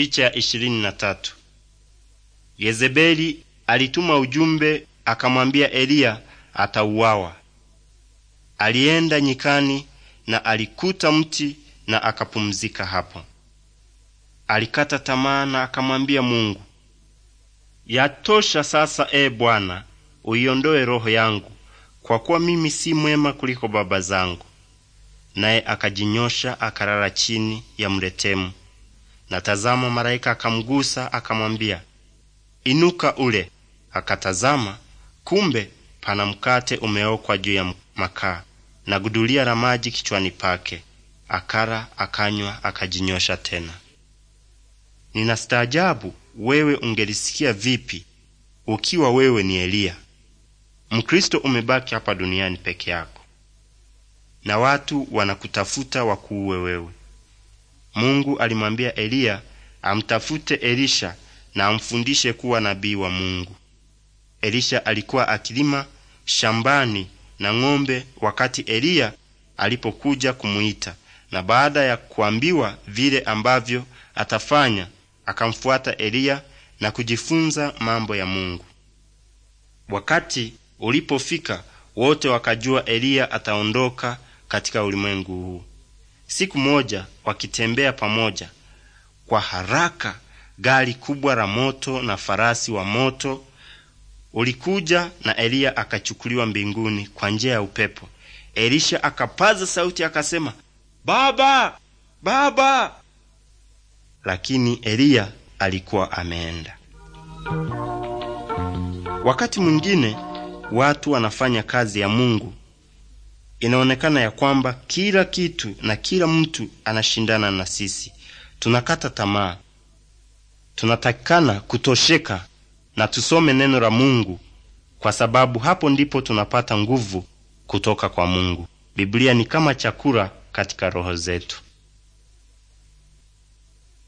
Picha ya ishirini na tatu. Yezebeli alituma ujumbe akamwambia Eliya atauawa. Alienda nyikani na alikuta mti na akapumzika hapo. Alikata tamaa na akamwambia Mungu, yatosha sasa, e Bwana, uiondoe roho yangu, kwa kuwa mimi si mwema kuliko baba zangu. Naye akajinyosha akalala chini ya mretemu. Na tazama, malaika akamgusa akamwambia, inuka ule. Akatazama, kumbe pana mkate umeokwa juu ya makaa na gudulia la maji kichwani pake. Akala, akanywa, akajinyosha tena. Ninastaajabu wewe ungelisikia vipi ukiwa wewe ni Eliya. Mkristo umebaki hapa duniani peke yako, na watu wanakutafuta wakuue wewe. Mungu alimwambia Eliya amtafute Elisha na amfundishe kuwa nabii wa Mungu. Elisha alikuwa akilima shambani na ng'ombe wakati Eliya alipokuja kumuita, na baada ya kuambiwa vile ambavyo atafanya akamfuata Eliya na kujifunza mambo ya Mungu. Wakati ulipofika, wote wakajua Eliya ataondoka katika ulimwengu huu. Siku moja wakitembea pamoja, kwa haraka gari kubwa la moto na farasi wa moto ulikuja na Eliya akachukuliwa mbinguni kwa njia ya upepo. Elisha akapaza sauti akasema, Baba, Baba! Lakini Eliya alikuwa ameenda. Wakati mwingine watu wanafanya kazi ya Mungu Inaonekana ya kwamba kila kitu na kila mtu anashindana na sisi. Tunakata tamaa. Tunatakikana kutosheka na tusome neno la Mungu kwa sababu hapo ndipo tunapata nguvu kutoka kwa Mungu. Biblia ni kama chakula katika roho zetu.